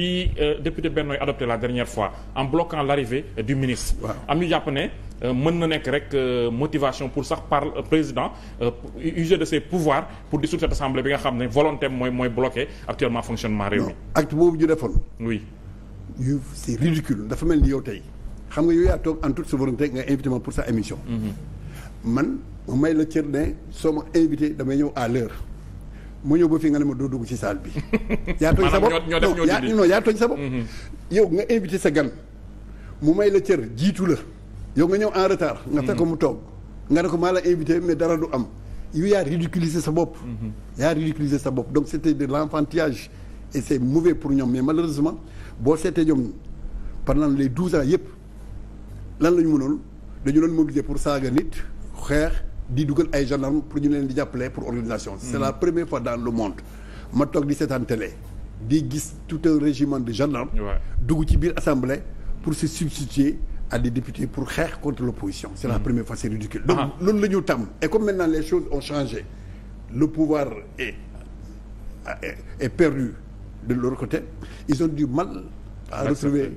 bi euh, député Benno adopté la dernière fois en bloquant l'arrivée du ministre am ñu jàpp ne euh, mën na nekk rek euh, motivation pour sax par président user de ses pouvoirs pour dissoudre cette assemblée bi nga xam ne volonté mooy mooy actuellement fonctionnement réew mi acte boobu ñu defoon oui yu c'est ridicule dafa mel ni yow tey xam nga yow toog en toute souveraineté nga invité pour sa émission mm-hmm. man may la cër ne soo ma invité damay mu ñëw ba fii nga ne ma doo dugg ci saal bi. yaa tooñ sa bopp non yaa tooñ sa bopp. Mm-hmm. yow nga invité sa gan mu may la cër jiitu la yow nga ñëw en retard. nga fekk mm-hmm. mu toog nga ne ko maa la invité mais dara du am yow yaa ridiculiser sa bopp. Mm-hmm. yaa ridiculiser sa bopp donc c'était de l'enfantillage et c'est mauvais pour ñoom mais malheureusement boo seetee ñoom pendant les douze ans yëpp lan la ñu mënoon dañu doon mobiliser pour saaga nit xeex. di dugal ay gendarme pour ñu leen di jàppale pour organisation c'est hmm. la première fois dans le monde ma di seetaan télé di gis tout un régiment de gendarmes dugg ci biir assemblée pour se substituer à des députés pour xeex contre l'opposition c'est la hmm. première fois c'est ridicule donc ah. loolu la ñu tàmm et comme maintenant les choses ont changé le pouvoir est perdu de leur côté ils ont du mal à retrouver